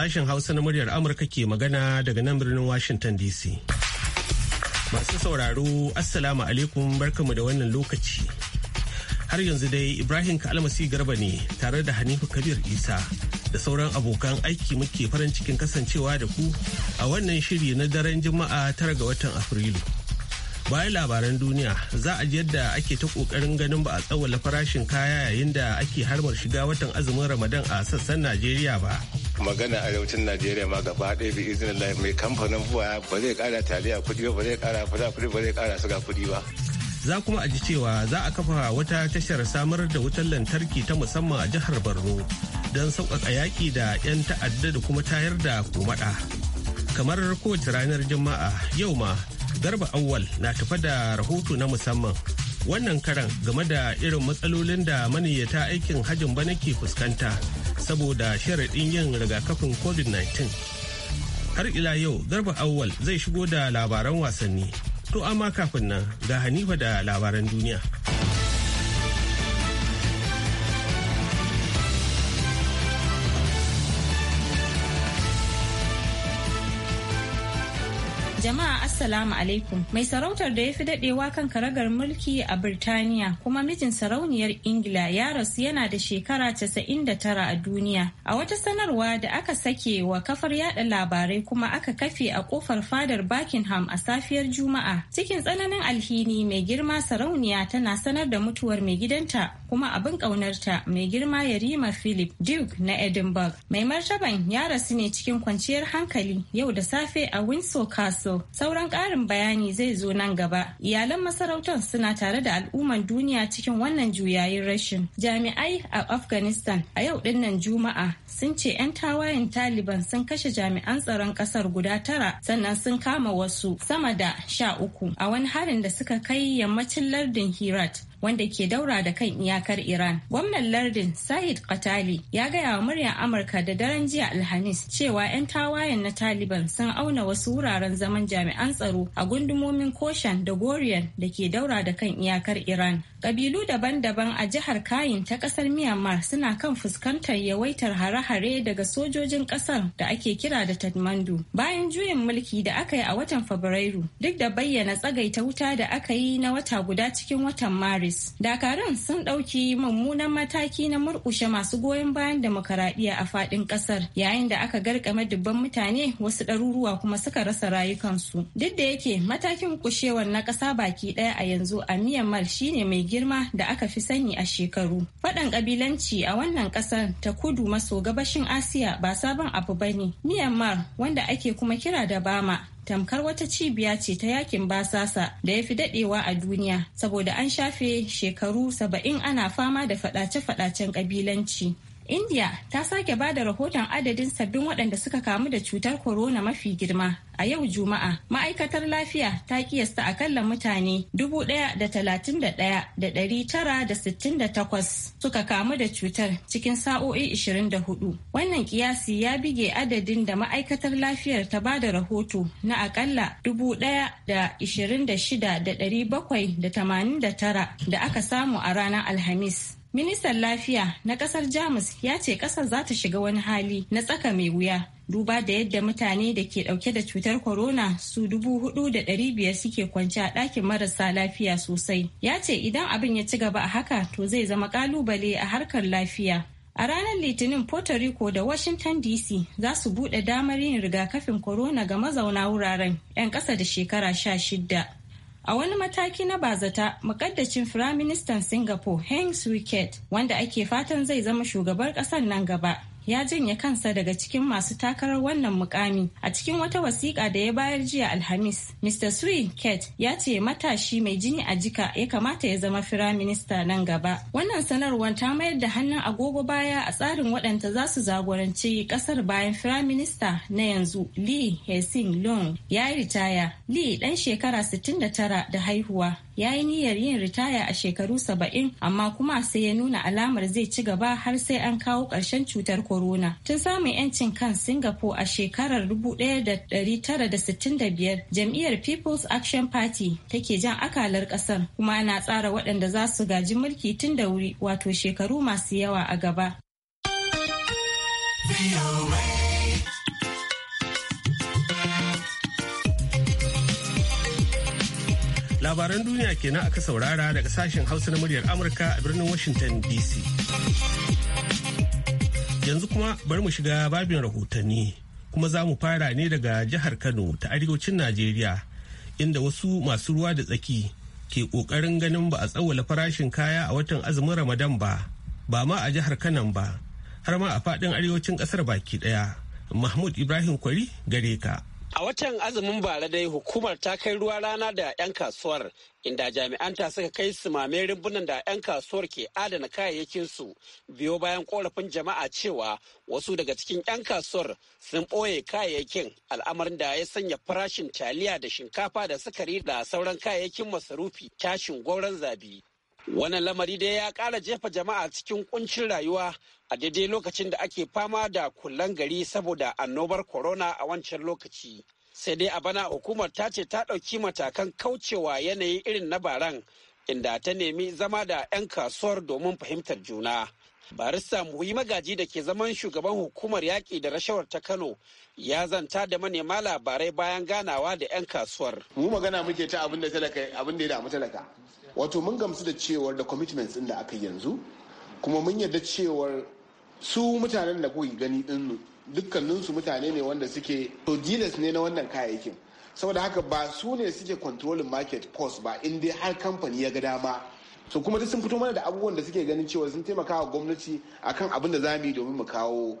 Sashen Hausa na muryar Amurka ke magana daga nan birnin Washington DC. Masu sauraro, Assalamu alaikum barkamu da wannan lokaci. Har yanzu dai Ibrahim Kalmasi Garba ne tare da Hanifu Kabir Isa da sauran abokan aiki muke farin cikin kasancewa da ku a wannan shiri na daren Juma'a tara ga watan Afrilu. bayan labaran duniya za a ji yadda ake ta kokarin ganin ba a tsawala farashin kaya yayin da ake harmar shiga watan azumin ramadan a sassan najeriya ba magana a arewacin najeriya ma gaba ɗaya bi izinin lai mai kamfanin buwa ba zai kara taliya kuɗi ba zai kara kudi kuɗi ba zai kara suga kuɗi ba za kuma a ji cewa za a kafa wata tashar samar da wutar lantarki ta musamman a jihar borno don sauƙaƙa yaƙi da 'yan ta'adda da kuma tayar da komaɗa kamar kowace ranar juma'a yau ma garba awwal na tafa da rahoto na musamman wannan karan game da irin matsalolin da maniyyata aikin hajin bana ke fuskanta saboda sharaɗin yin rigakafin covid-19 har ila yau garba awwal zai shigo da labaran wasanni to amma kafin nan ga hanifa da labaran duniya jama'a Assalamu alaikum. Mai sarautar da ya fi dadewa kan karagar mulki a Birtaniya kuma mijin sarauniyar Ingila ya rasu yana da shekara 99 a duniya. A wata sanarwa da aka sake wa kafar yada labarai kuma aka kafe a kofar fadar Buckingham a safiyar Juma'a. Cikin tsananin alhini mai girma sarauniya tana sanar da mutuwar mai gidanta kuma abin ƙaunarta mai girma Yarima Philip Duke na Edinburgh. Mai martaban ya rasu ne cikin kwanciyar hankali yau da safe a Windsor Castle. Sauran ƙarin bayani zai zo nan gaba. Iyalan masarautar suna tare da al'umman duniya cikin wannan juyayin rashin. Jami'ai a Afghanistan a yau dinnan Juma'a sun ce 'yan tawayen Taliban sun kashe jami'an tsaron ƙasar guda tara sannan sun kama wasu sama da sha uku a wani harin da suka kai yammacin lardin Herat. wanda ke daura da kan iyakar Iran. Gwamnan lardin Sahid Qatali ya gaya wa muryar Amurka da daren jiya Alhamis cewa 'yan tawayen na Taliban sun auna wasu wuraren zaman jami'an tsaro a gundumomin Koshan da Goriyan da ke daura da kan iyakar Iran. Kabilu daban-daban a jihar Kayin ta kasar Myanmar suna kan fuskantar yawaitar hare-hare daga sojojin kasar da ake kira da Tadmandu. Bayan juyin mulki da aka yi a watan Fabrairu, duk da bayyana tsagaita wuta da aka yi na wata guda cikin watan Maris. paris dakarun sun ɗauki mummunan mataki na murƙushe masu goyon bayan demokaradiyya a faɗin ƙasar yayin da aka garkame dubban mutane wasu ɗaruruwa kuma suka rasa rayukansu duk da yake matakin kushewar na ƙasa baki ɗaya a yanzu a myanmar shine mai girma da aka fi sani a shekaru faɗan ƙabilanci a wannan ƙasar ta kudu maso gabashin asiya ba sabon abu bane myanmar wanda ake kuma kira da bama tamkar wata cibiya ce ta yakin basasa da ya fi dadewa a duniya saboda an shafe shekaru saba'in ana fama da fadace-fadacen kabilanci. India ta sake ba da rahoton adadin sabbin waɗanda suka kamu da cutar corona mafi girma. A yau Juma'a, ma'aikatar lafiya ta kiyasta akalla mutane 1,031,968 suka kamu da cutar cikin sa'o'i 24. Wannan kiyasi ya bige adadin da ma'aikatar lafiyar ta ba da rahoto na akalla 1,026,789 da aka samu a ranar Alhamis. Ministan Lafiya na kasar Jamus ya ce kasar za ta shiga wani hali na tsaka mai wuya duba da yadda mutane da ke dauke da cutar corona su dubu hudu da dari biyar suke kwance a ɗakin marasa lafiya sosai. Ya ce idan abin ya ci gaba a haka to zai zama kalubale a harkar lafiya. A ranar Litinin Puerto Rico da Washington DC za su buɗe damar yin rigakafin corona ga mazauna wuraren 'yan ƙasa da shekara sha shidda. A wani mataki na bazata, makaddacin Firaministan Singapore Heng Swee Keat, wanda ake fatan zai zama shugabar ƙasar nan gaba, ya janye kansa daga cikin masu takarar wannan mukami a cikin wata wasiƙa da ya bayar jiya alhamis mr sri ket ya ce matashi mai jini a jika ya kamata ya zama firaminista nan gaba wannan sanarwar ta mayar da hannun agogo baya a tsarin waɗanda za su zagoranci ƙasar bayan firaminista na yanzu lee hesing long ya yi ritaya lee ɗan shekara 69 da haihuwa ya yi niyyar yin ritaya a shekaru saba'in amma kuma sai ya nuna alamar zai ci gaba har sai an kawo ƙarshen cutar corona tun samun 'yancin kan singapore a shekarar 1965 jam'iyyar people's action party take jan akalar ƙasar kuma na tsara waɗanda za su gaji mulki tun da wuri wato shekaru masu yawa a gaba. labaran duniya kenan aka saurara daga sashen hausa na muryar amurka a birnin washington dc yanzu kuma bari mu shiga babin rahotanni kuma za mu fara ne daga jihar kano ta arewacin najeriya inda wasu masu ruwa da tsaki ke kokarin ganin ba a tsawala farashin kaya a watan azumin ramadan ba ba ma a jihar kanan ba har ma a faɗin arewacin ƙasar baki ɗaya mahmud ibrahim kwari gare ka A watan azumin bara dai hukumar ta kai ruwa rana da 'yan kasuwar inda jami'an ta suka kai sumame rimbunan da 'yan kasuwar ke adana kayayyakinsu biyo bayan korafin jama'a cewa wasu daga cikin 'yan kasuwar sun ɓoye kayayyakin al'amarin da ya sanya farashin taliya da shinkafa da sukari da sauran kayayyakin masarufi tashin gwauron zabi. Wannan lamari dai ya ƙara jefa jama'a cikin kuncin rayuwa a daidai lokacin da ake fama da kullan gari saboda annobar corona a wancan lokaci. Sai dai a bana hukumar ta ce ta ɗauki matakan kaucewa yanayi irin na baran inda ta nemi zama da 'yan kasuwar domin fahimtar juna. Barista Muhi Magaji da ke zaman shugaban hukumar yaƙi da rashawar ta Kano ya zanta da manema labarai bayan ganawa da 'yan kasuwar. Mu magana muke ta abin da talaka abin da ya damu talaka. Wato mun gamsu da cewar da commitments din da aka yanzu kuma mun yarda cewar su mutanen da kuke gani din dukkaninsu mutane ne wanda suke to dealers ne na wannan kayayyakin. Saboda haka ba su ne suke controlling market cost ba in dai har kamfani ya ga dama so kuma duk sun fito mana da abubuwan da suke ganin cewa sun taimaka wa gwamnati akan abin da za mu yi domin mu kawo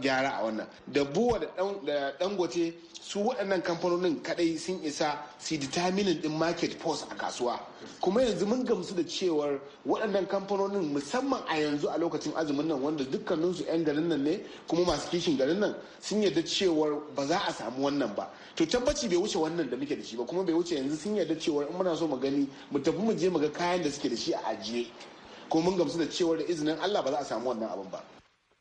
gyara a wannan da buwa da dangote su waɗannan kamfanonin kadai sun isa su determinin din market force a kasuwa kuma yanzu mun gamsu da cewar waɗannan kamfanonin musamman a yanzu a lokacin azumin nan wanda dukkaninsu 'yan garin nan ne kuma masu kishin garin nan sun yarda cewar ba za a samu wannan ba to tabbaci bai wuce wannan da muke da shi ba kuma bai wuce yanzu sun yarda cewar in muna so mu gani mu tafi mu je mu ga kayan da suke da shi a ajiye kuma mun gamsu da cewar da izinin Allah ba za a samu wannan abin ba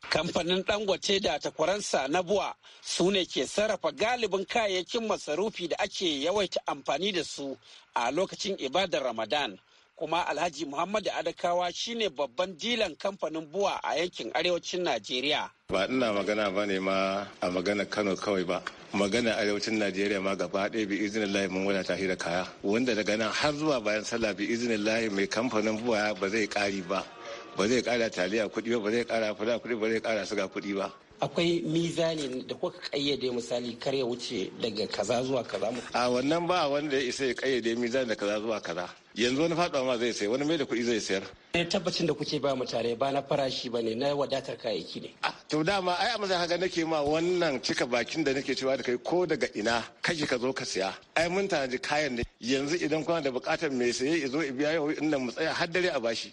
Kamfanin Dangote da takwaransa na buwa su ne ke sarrafa galibin kayayyakin masarufi da ake yawaita amfani da su a lokacin ibadar Ramadan. Kuma Alhaji Muhammadu Adakawa shine babban dilan kamfanin buwa a yankin arewacin Najeriya. Ba ina magana ba ne ma a magana Kano kawai ba. magana arewacin najeriya ma gaba ɗaya bi izinin layi mun wadata da kaya wanda daga nan har zuwa bayan sallah bi izinin layi mai kamfanin buwa ba zai ƙari ba ba zai kara taliya kuɗi ba ba zai kara fura kuɗi ba zai kara suga kuɗi ba akwai mizani da kuka kayyade misali kar ya wuce daga kaza zuwa kaza mu. a wannan ba wanda ya isa ya kayyade mizani da kaza zuwa kaza yanzu wani faɗuwa ma zai sayar wani mai da kuɗi zai sayar ne eh, tabbacin da kuke ba mutare ba na farashi ba ne na wadatar kayayyaki ne to dama ai amma haka nake ma wannan cika bakin da nake cewa da kai ko daga ina kashi ka zo ka siya ai mun tanaji kayan ne yanzu idan kuna da buƙatar mai saye ya zo ya biya yau inda mu tsaya har dare a bashi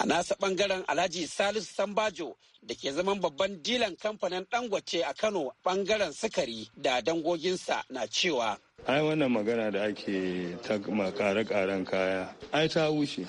A nasa bangaren Alhaji Salisu Sambajo da ke zaman babban dilan kamfanin Dangote a Kano bangaren sukari da dangoginsa na cewa. Ai wannan magana da ake ta kare-karen kaya, ai ta wuce,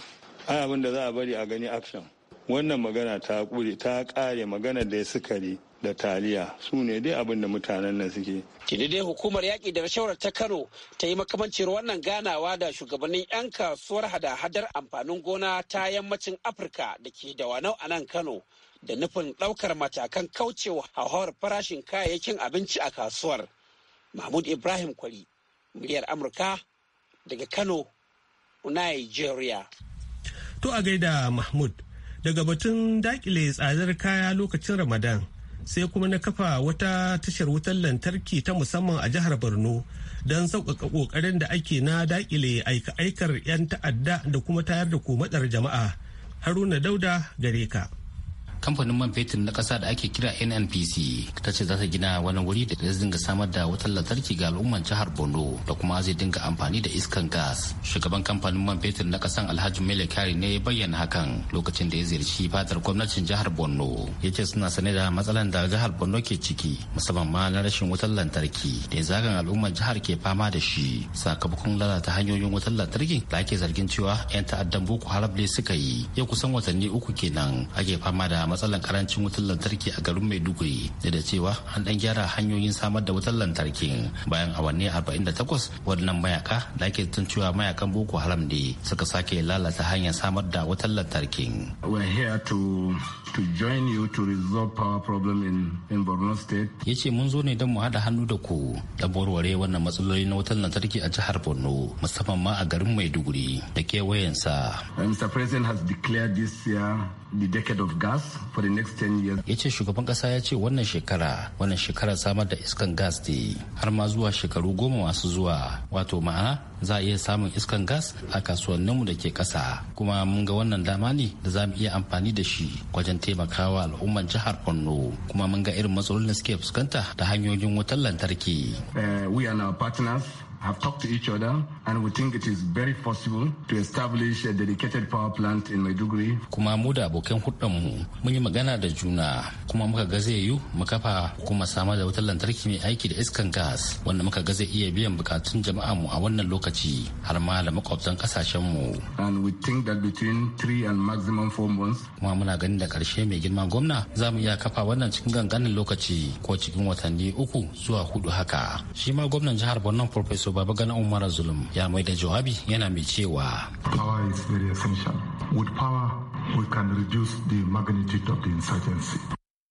ai abin da za a bari a gani action. Wannan magana ta kure ta kare magana da sukari da taliya su ne dai abin da mutanen nan suke. Tuni dai hukumar yaƙi da rashawar ta Kano ta yi makamancin wannan ganawa da shugabannin 'yan kasuwar hada-hadar amfanin gona ta yammacin Afirka da ke da wanau a nan Kano da nufin ɗaukar matakan kaucewa hauhawar farashin kayayyakin abinci a kasuwar. Mahmud Ibrahim Kwari, muryar Amurka daga Kano, Nigeria. To a gaida Mahmud, daga batun dakile tsadar kaya lokacin Ramadan. sai kuma na kafa wata tashar wutar lantarki ta musamman a jihar borno don sauƙaƙa ƙoƙarin da ake na daƙile aika-aikar 'yan ta'adda da kuma tayar da komatsar jama'a haruna dauda gare ka. kamfanin man fetur na kasa da ake kira nnpc ta ce za ta gina wani wuri da zai dinga samar da wutar lantarki ga al'ummar jihar borno da kuma zai dinga amfani da iskan gas shugaban kamfanin man fetur na kasan alhaji mele kari ne ya bayyana hakan lokacin da ya ziyarci fatar gwamnatin jihar borno ya ce suna sane da matsalan da jihar borno ke ciki musamman ma na rashin wutar lantarki da zagan al'ummar jihar ke fama da shi sakamakon lalata hanyoyin wutar lantarki da ake zargin cewa 'yan ta'addan boko harab ne suka yi ya kusan watanni uku kenan ake fama da matsalar karancin wutar lantarki a garin maiduguri da da cewa an dan gyara hanyoyin samar da wutar lantarki bayan awanni 48 wannan mayaka da ake cewa mayakan boko haram ne suka sake lalata hanyar samar da wutar lantarki we're here to to join you to resolve power problem in borno state yace mun zo ne don mu haɗa hannu da ku da borware wannan matsaloli na wutar lantarki a jihar borno musamman ma a garin maiduguri da kewayensa mr president has declared this year the decade of gas for the next 10 years. Ya ce shugaban kasa ya ce wannan shekara wannan shekara samar da iskan gas ne har ma zuwa shekaru goma masu zuwa wato ma'ana za a iya samun iskan gas a kasuwanninmu da ke kasa kuma mun ga wannan dama ne da za mu iya amfani da shi wajen taimakawa al'umman jihar Borno kuma mun ga irin matsalolin da suke fuskanta ta hanyoyin wutar lantarki. Eh, we are now partners have talked to each other and we think it is very possible to establish a dedicated power plant in Maiduguri. Kuma mu da abokan mu mun yi magana da juna kuma muka ga zai yiwu mu kafa kuma samar da wutar lantarki mai aiki da iskan gas wanda muka ga zai iya biyan bukatun jama'a mu a wannan lokaci har ma da makwabtan kasashen mu. And we think that between three and maximum four months. Kuma muna ganin da karshe mai girma gwamna za mu iya kafa wannan cikin ganganin lokaci ko cikin watanni uku zuwa hudu haka. Shi ma gwamnan jihar Borno Professor Baba Gana Umar Zulum ya mai da jawabi yana mai cewa. Power is very essential. With power, we can reduce the magnitude of the insurgency.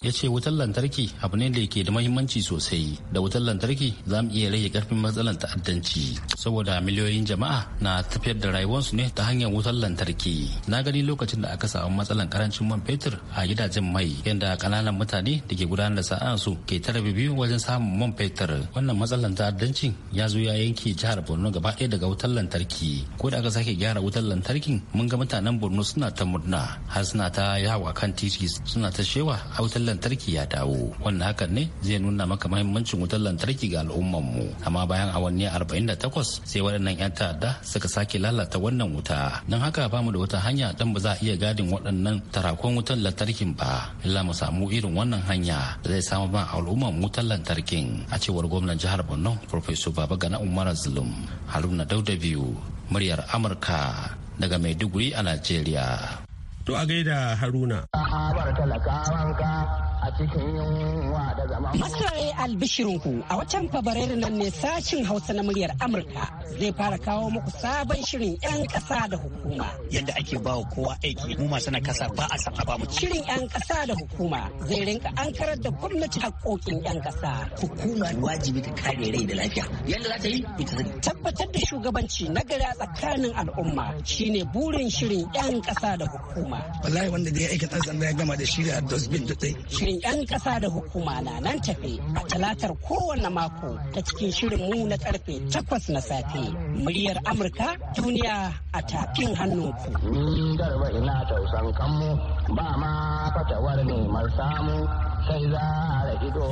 ya ce wutar lantarki abu ne da ke da mahimmanci sosai da wutar lantarki za mu iya rage karfin matsalar ta'addanci saboda miliyoyin jama'a na tafiyar da rayuwarsu ne ta hanyar wutar lantarki na gani lokacin da aka samu matsalar karancin man fetur a gidajen mai yadda kananan mutane da ke gudanar da sa'ansu ke tara biyu wajen samun man fetur wannan matsalar ta'addancin ya zo ya yanke jihar borno gaba ɗaya daga wutar lantarki ko da aka sake gyara wutar lantarkin mun ga mutanen borno suna ta murna har suna ta yawo kan titi suna ta shewa a wutar lantarki ya dawo wannan hakan ne zai nuna maka mahimmancin wutar lantarki ga al'umman mu amma bayan awanni 48 sai waɗannan 'yan ta'adda suka sake lalata wannan wuta don haka ba mu da wata hanya dan ba za a iya gadin waɗannan tarakon wutar lantarkin ba illa mu samu irin wannan hanya da zai samu ba al'umman wutar lantarkin a cewar gwamnan jihar Borno Professor Gana Umar Zulum Haruna Dauda biyu muryar Amurka daga Maiduguri a Najeriya. To a gaida Haruna. A'a bar talakawanka a cikin yunwa da zama. Masarai albishirinku a watan Fabrairu nan ne sashin Hausa na muryar Amurka zai fara kawo muku sabon shirin 'yan ƙasa da hukuma. Yadda ake ba wa kowa aiki mu masu na kasa ba a san ba mu. Shirin 'yan ƙasa da hukuma zai rinka ankarar da gwamnati haƙƙoƙin 'yan ƙasa. Hukuma wajibi ta kare rai da lafiya. Yadda za ta yi ita zai. Tabbatar da shugabanci na gari a tsakanin al'umma shine burin shirin 'yan ƙasa da hukuma. Wallahi wanda da ya aikata zan ya gama da shirya dosbin da yi. shirin 'yan ƙasa da hukuma na nan tafe a talatar kowane mako ta cikin shirin mu na karfe takwas na safe. Muryar Amurka duniya a tafin hannunku. ku.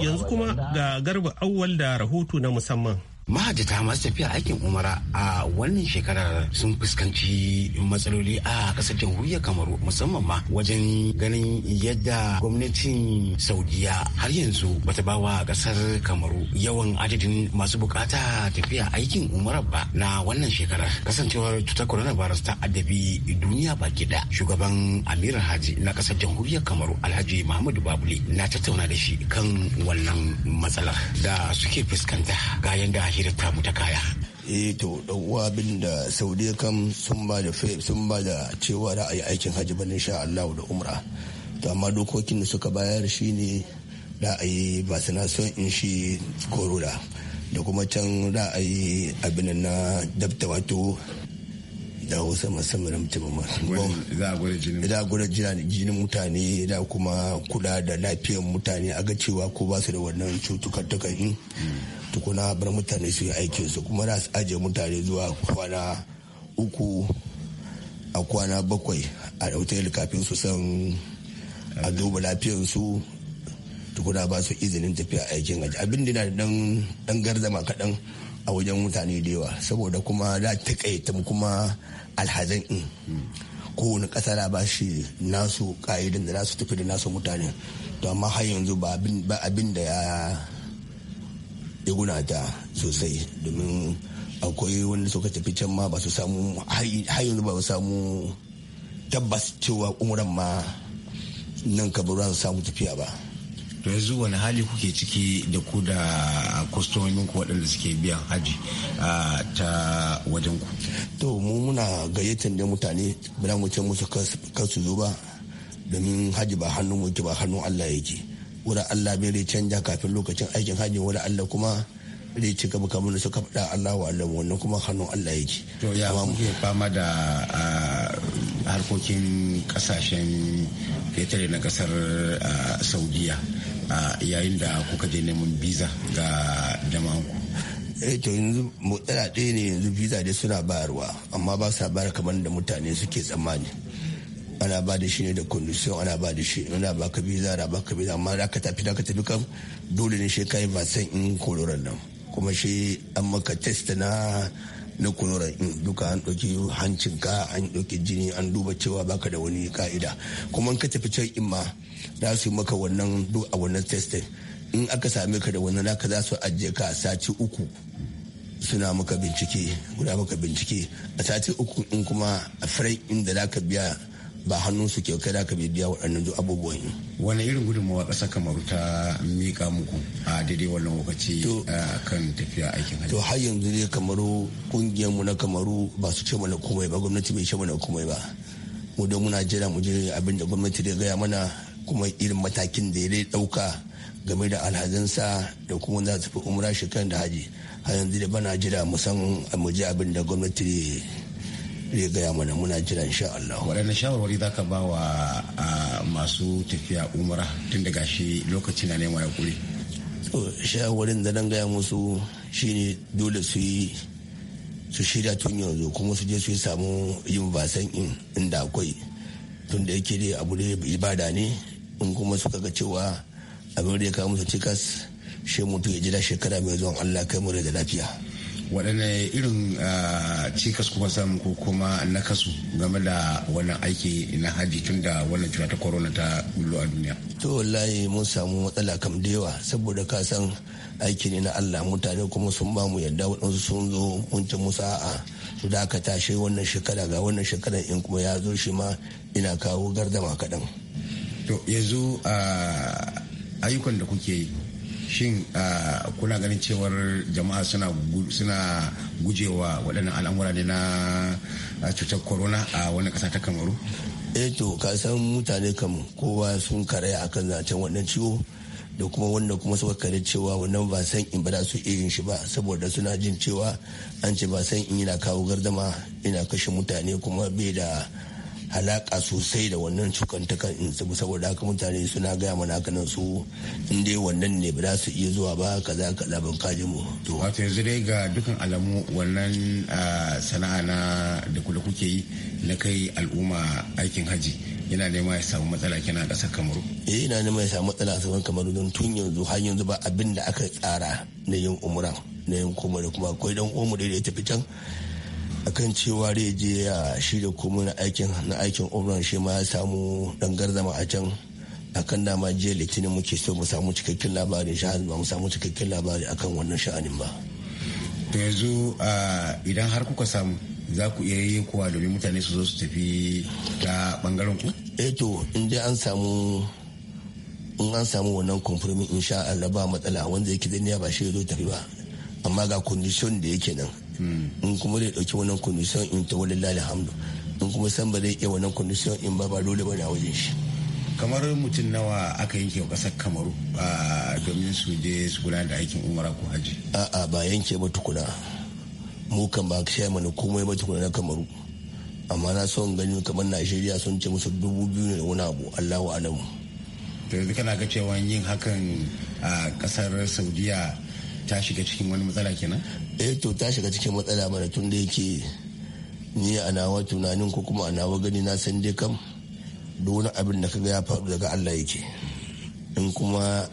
Yanzu kuma ga garba awwal da rahoto na musamman. mahajjata masu tafiya aikin umara a wannan shekarar sun fuskanci matsaloli a ƙasar jamhuriyar kamaru musamman ma wajen ganin yadda gwamnatin saudiya har yanzu bata bawa ƙasar kamaru yawan adadin masu bukata tafiya aikin umara ba na wannan shekarar kasancewar cutar coronavirus ta addabi duniya baki da shugaban amir haji na ƙasar jamhuriyar kamaru alhaji muhammadu babule na tattauna da shi kan wannan matsalar da suke fuskanta ga yanda hirarta mu ta kaya eh to dan uwa abin da saudi kam sun ba da sun ba da cewa da a yi aikin hajji ban insha Allah da umra to amma dokokin da suka bayar shine da a yi ba son in shi korona da kuma can da a yi abin na dabta wato da hausa musamman mutum da gwada jinin mutane da kuma kula da lafiyar mutane a ga cewa ko ba su da wannan cutukan tukan tukuna bar mutane su yi aikin su kuma za su ajiye mutane zuwa kwana uku a kwana bakwai a dauke kafin su san a duba lafiyar su tukuna ba su izinin tafiya aikin aji abin da na dan garzama kaɗan a wajen mutane da yawa saboda kuma za ta kaita kuma alhazan in kowane ƙasa na ba nasu ka'idan da nasu tafi da nasu mutane to amma har yanzu ba abin da ya riguna ta sosai domin akwai wanda suka tafi can ma ba su samu har yanzu ba su samu tabbas cewa umuran ma nan kabaruwa su samu tafiya ba to yanzu wani hali kuke ciki da ku da kwastomomin ku waɗanda suke biyan haji ta wajen ku to mu muna gayyatar da mutane ba mu ce musu su zo ba domin haji ba hannun mu ba hannun Allah yake wurin Allah bai rai canja kafin lokacin aikin hajji wurin Allah kuma rai ci gaba kamar suka faɗa Allah wa Allah wannan kuma hannun Allah yake. To ya kuke fama da harkokin kasashen fetare na kasar Saudiya yayin da kuka je neman biza ga jama'anku. eh to yanzu tsara ɗaya ne yanzu biza dai suna bayarwa amma ba sa bayar kamar da mutane suke tsammani. ana ba da shi ne da condition ana ba da shi ana ba ka visa da ba ka visa amma da ka tafi da ka tafi kan dole ne shi kai vaccine in kororan nan kuma shi an maka test na na kororan in duka an ɗauki hancinka an ɗauki jini an duba cewa baka da wani ka'ida kuma in ka tafi can in ma za su yi maka wannan duk a wannan test in aka same ka da wannan naka za su ajiye ka a sati uku suna maka bincike guda maka bincike a sati uku in kuma a farai inda za ka biya ba hannun su ke kai da ka biya waɗannan duk abubuwan wani irin gudunmawa ƙasa kamaru ta miƙa muku a daidai wannan lokaci kan tafiya aikin hajji to har yanzu dai kamaru ƙungiyar mu na kamaru ba su ce mana komai ba gwamnati bai ce mana komai ba mu don muna jira mu je abin da gwamnati da gaya mana kuma irin matakin da ya dai ɗauka game da alhazansa da kuma za su fi umra shekaran da haji har yanzu da bana jira mu san mu ji abin da gwamnati zai gaya mana muna jira insha Allah. Waɗanne shawarwari za ka ba wa masu tafiya umara tun daga shi lokacin na neman ya kuri? Shawarwarin da nan gaya musu shine dole su yi su shirya tun yanzu kuma su je su yi samu yin basan in inda akwai tun da yake dai abu da ibada ne in kuma suka ga cewa abin da ya kawo musu cikas shi mutu ya jira shekara mai zuwan Allah kai mu da lafiya. waɗanne irin ah, cikas kuma sam ko kuma nakasu game da wannan aiki na haji tun da wannan cuta ta corona ta bullo a duniya to wallahi mun samu matsala kam da yawa saboda ka san aiki ne na Allah mutane kuma sun ba mu yadda waɗansu sun zo mun ci musa a su dakata shi wannan shekara ga wannan shekara in kuma ya zo shi ma ina kawo gardama kaɗan to yanzu ah, ayyukan da kuke yi shin ah, kuna ganin cewar jama'a suna gujewa waɗannan al'amura ne na ah, cutar corona a wani ƙasa ta kamaru eh to ka san mutane kam kowa sun karaya akan zancen wannan ciwo da kuma wanda kuma suka kare cewa wannan ba san in ba za su iya shi ba saboda suna jin cewa an ce ba san in yana kawo gardama ina kashe mutane kuma bai da halaka sosai da wannan cukantakan in su saboda haka mutane suna gaya mana haka nan su inda wannan ne ba za su iya zuwa ba kaza kaza ban kaji mu. wato yanzu dai ga dukkan alamu wannan sana'a na da kula kuke yi na kai al'umma aikin haji yana nema ya samu matsala kina kasar kamaru. eh yana nema ya samu matsala a kamar kamaru don tun yanzu har yanzu ba abin da aka tsara na yin umra na yin kuma da kuma akwai dan uwanmu da ya tafi can akan cewa ya je ya shirya komai na aikin na aikin umran shi ma ya samu dangar zama a can akan dama jiya litinin muke so mu samu cikakken labari sha'ani ba mu samu cikakken labari akan wannan sha'anin ba to yanzu idan har kuka samu za ku iya yin kowa domin mutane su zo su tafi ta bangaren ku eh to in dai an samu in an samu wannan kompromi in Allah ba matsala wanda yake zai ba shi ya zo tafi ba amma ga condition da yake nan in kuma zai dauki wannan condition in ta wani alhamdu in kuma san ba zai iya wannan condition in ba ba dole ba na wajen shi kamar mutum nawa aka yanke wa kasar kamaru domin su je su kula da aikin umara ko haji a'a ba yanke ba tukuna mu kan ba ka mana komai ba tukuna na kamaru amma na son gani kamar najeriya sun ce musu dubu biyu ne da wani abu allahu alamu to yanzu kana ga cewa yin hakan a kasar saudiya ta shiga cikin wani matsala kenan Eh to ta shiga cikin matsala mana tun da yake ni a nawa tunanin ko kuma a nawa gani na san dai kam da wani abin da kaga ya faru daga Allah yake in kuma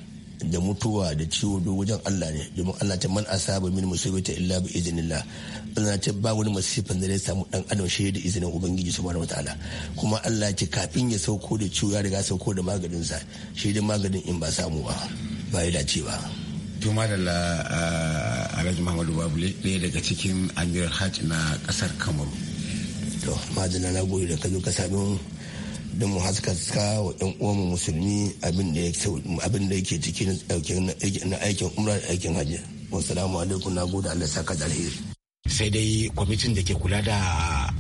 da mutuwa da ciwo duk wajen Allah ne domin Allah ta man asaba min musibata illa bi la Allah ta ba wani masifan da zai samu dan adam shi da izinin ubangiji subhanahu wataala kuma Allah ce kafin ya sauko da ciwo ya riga sauko da maganin sa shi da maganin in ba samu ba ba ya dace ba Tuma da la ah, Alhaji Muhammadu Babule ɗaya daga cikin Amirar Hajj na ƙasar Kamaru. To, majina na goyi da ka zo ka sami don mu haskaka wa yan uwan musulmi abin da yake ciki na aikin umra da aikin hajji. Wasu alaikum na gode Allah saka da alheri. Sai dai kwamitin da ke kula da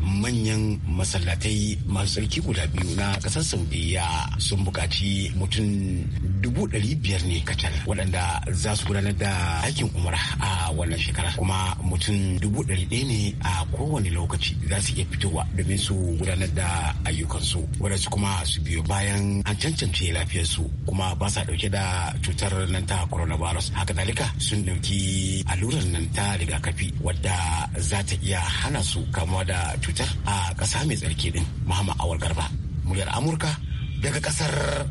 manyan masallatai masu tsarki guda biyu na kasar saudiya sun bukaci mutum dubu ɗari biyar ne kacal waɗanda za su gudanar da aikin umara a wannan shekara kuma mutum dubu ɗari ɗaya ne a kowane lokaci za su iya fitowa domin su gudanar da ayyukansu waɗansu kuma su biyo bayan an cancance lafiyarsu kuma ba sa ɗauke da cutar nan ta coronavirus haka dalika sun ɗauki allurar nan ta rigakafi wadda za ta iya hana su kamuwa da cutar cutar a ƙasa mai tsarki din Muhammad awar Garba muryar Amurka daga ƙasar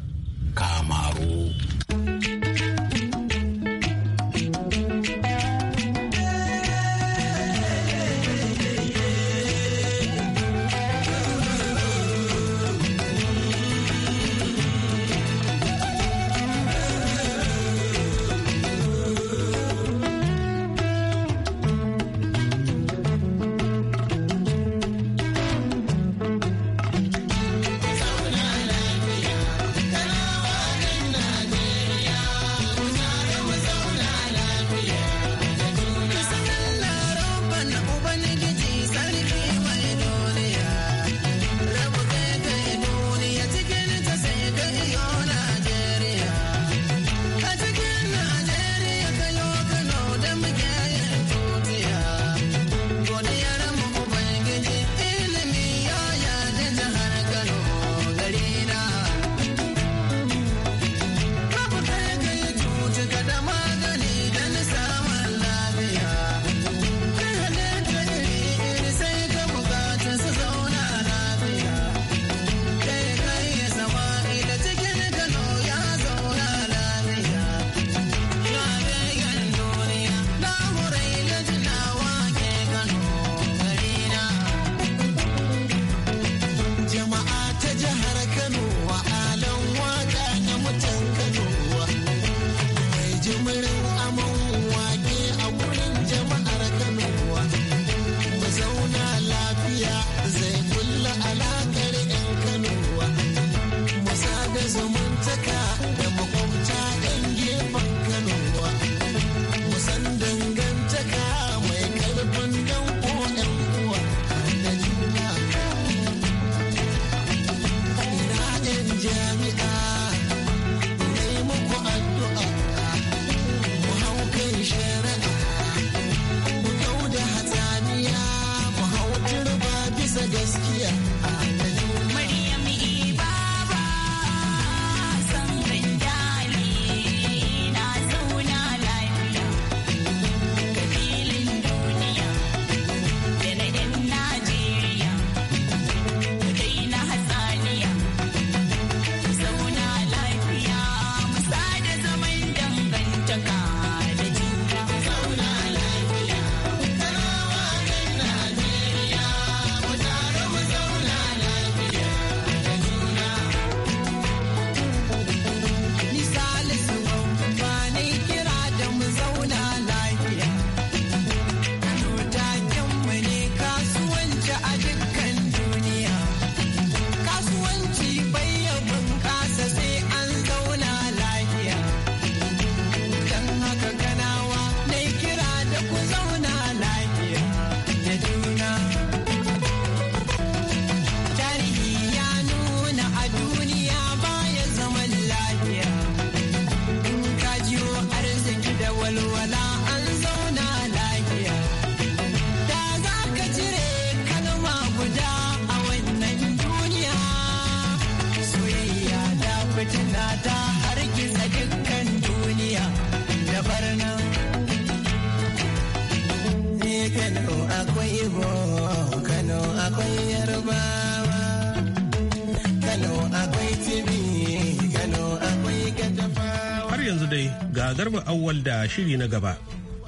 yanzu dai ga garba awwal da shiri na gaba.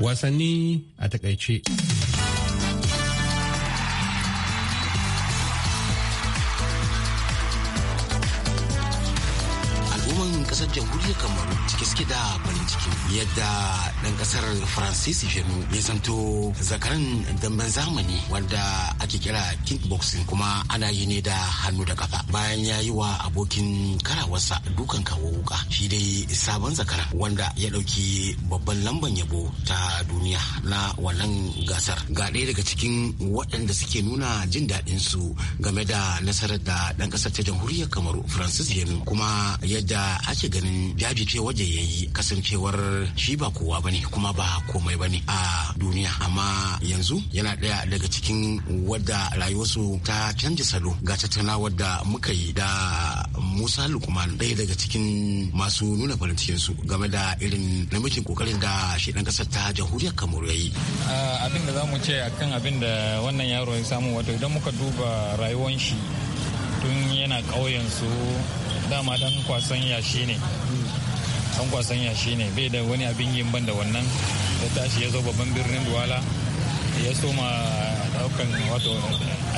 Wasanni a takaice. Al'umman kasar jamhuriyar Kamaru cike suke da yadda ɗan ƙasar francis jenu ya zanto zakaran damben zamani wanda ake kira boxing kuma ana yi ne da hannu da kafa bayan ya yi wa abokin karawarsa dukan kawo wuka shi dai sabon Zakara. wanda ya ɗauki babban lamban yabo ta duniya na wannan gasar ga ɗaya daga cikin waɗanda suke nuna jin daɗin su game da nasarar da ɗan ƙasar ta jamhuriyar kamaru francis jenu kuma yadda ake ganin jajirce waje ya yi kasancewar shi ba kowa ba ne kuma ba komai ba ne a duniya amma yanzu yana daya daga cikin wadda rayuwarsu ta canza salo ga tattaunawar da muka yi da musa lukman ɗaya daga cikin masu nuna farin su game da irin namijin kokarin da shi dan ƙasar ta jamhuriyar kamaru ya yi abin da za mu ce akan abin da wannan yaro ya samu wato idan muka duba rayuwar shi tun yana ƙauyen su dama dan kwasan yashi ne an ya shi ne bai da wani abin yin ban da wannan ya tashi ya zo babban birnin duwala ya soma daukan wato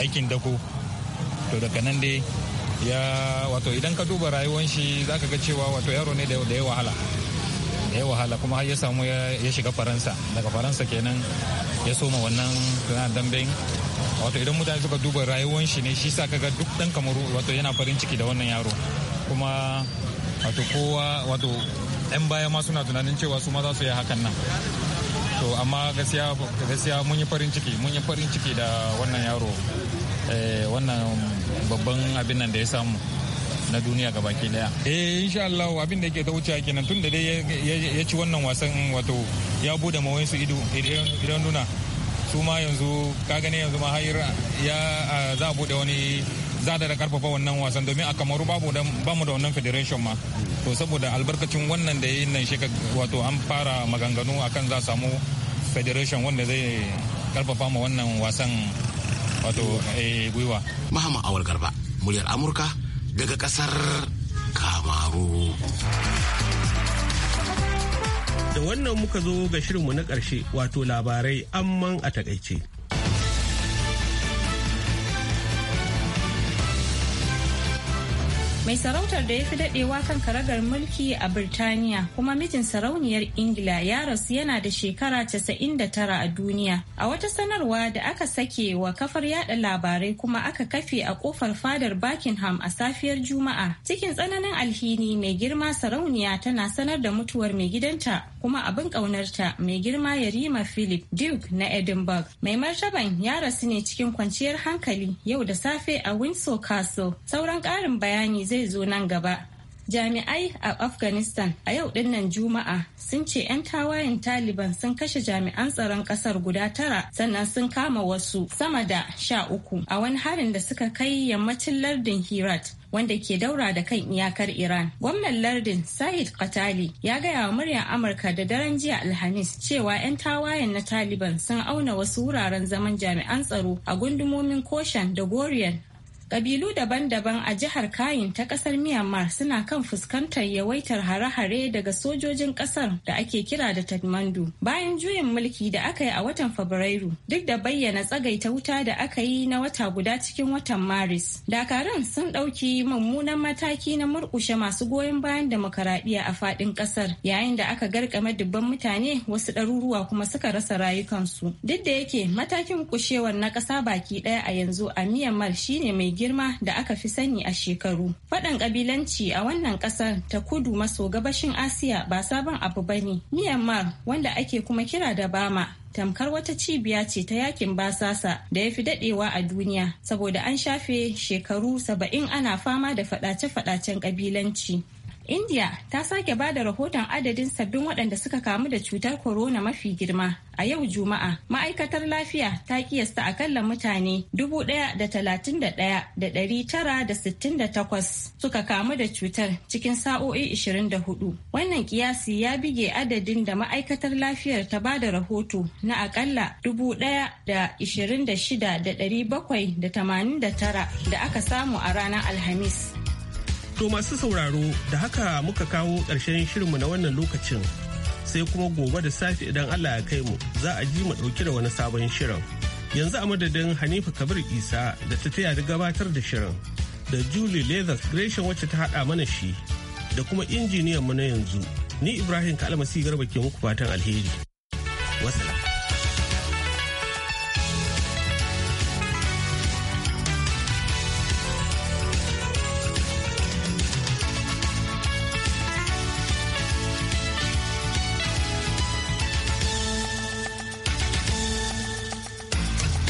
aikin dako to daga nan dai ya wato idan ka duba rayuwan shi za ka ga cewa wato yaro ne da ya wahala da ya wahala kuma har ya samu ya shiga faransa daga faransa kenan ya soma wannan tunan dambe wato idan mutane suka duba rayuwan shi ne shi sa kaga duk dan kamaru wato yana farin ciki da wannan yaro kuma wato kowa wato 'yan baya ma suna tunanin cewa su ma za su yi hakan nan to amma gaskiya mun yi farin ciki mun yi farin ciki da wannan yaro eh, wannan babban abin nan da ya samu na duniya ga baki daya eh insha Allah abin da yake ta wuce kenan tun da dai ya ci wannan wasan wato ya bude mawayin su ido idan nuna su ma yanzu ka gane yanzu ma har ya za a bude wani za da karfafa wannan wasan domin a kamaru babu da bamu da wannan federation ma to saboda albarkacin wannan da yayin nan shekar wato an fara maganganu akan za samu federation wanda zai karfafa ma wannan wasan wato eh, gwiwa mahama awal garba muryar amurka daga kasar kamaru da wannan muka zo ga shirinmu na ƙarshe wato labarai amman a takaice mai sarautar da ya fi dadewa kan karagar mulki a Birtaniya kuma mijin sarauniyar Ingila ya rasu yana da shekara 99 a duniya. A wata sanarwa da aka sake wa kafar yada labarai kuma aka kafe a kofar fadar Buckingham a safiyar Juma'a. Cikin tsananin alhini mai girma sarauniya tana sanar da mutuwar mai gidanta kuma abin ƙaunarta mai girma Yarima Philip Duke na Edinburgh. Mai martaban ya rasu ne cikin kwanciyar hankali yau da safe a Windsor Castle. Sauran ƙarin bayani zai zo nan gaba jami'ai a afghanistan a yau dinnan juma'a sun ce 'yan tawayen taliban sun kashe jami'an tsaron kasar guda tara sannan sun kama wasu sama da sha uku a wani harin da suka kai yammacin lardin hirat wanda ke daura da kan iyakar Iran. Gwamnan lardin Said Qatali ya gaya wa muryar Amurka da daren jiya Alhamis cewa 'yan tawayen na Taliban sun auna wasu wuraren zaman jami'an tsaro a gundumomin Koshan da Goriyan Kabilu daban-daban a jihar Kayin ta ƙasar Myanmar suna kan fuskantar yawaitar hare-hare daga sojojin ƙasar da ake kira da Tatmandu. Bayan juyin mulki da aka yi a watan Fabrairu, duk da bayyana tsagaita wuta da aka yi na wata guda cikin watan Maris, dakarun sun ɗauki mummunan mataki na murkushe masu goyon bayan demokaradiyya a faɗin ƙasar, yayin da aka garkame dubban mutane wasu ɗaruruwa kuma suka rasa rayukansu. Duk da yake matakin kushewar na ƙasa baki ɗaya a yanzu a Myanmar shine mai girma da aka fi sani a shekaru. Faɗan ƙabilanci a wannan ƙasar ta kudu maso gabashin Asiya ba sabon abu ba ne. Myanmar wanda ake kuma kira da Bama tamkar wata cibiya ce ta yakin basasa da ya fi dadewa a duniya saboda an shafe shekaru saba'in ana fama da faɗace-faɗacen ƙabilanci. India ta sake ba da rahoton adadin sabbin waɗanda suka kamu da cutar corona mafi girma. A yau Juma'a, ma'aikatar lafiya ta kiyasta akalla mutane 1,031,968 suka kamu da cutar cikin sa'o'i 24. Wannan kiyasi ya bige adadin da ma'aikatar lafiyar ta ba da rahoto na akalla 1,026,789 da aka samu a ranar Alhamis. To masu sauraro da haka muka kawo ƙarshen shirinmu na wannan lokacin sai kuma gobe da safe idan Allah ya kai mu za a ji mu ɗauki da wani sabon shirin. Yanzu a madadin Hanifa Kabir Isa da ta taya da gabatar da shirin da Julie Leathers Gresham wacce ta haɗa mana shi da kuma injiniyan mu na yanzu ni Ibrahim Kalmasi Garba ke muku fatan alheri. wasala.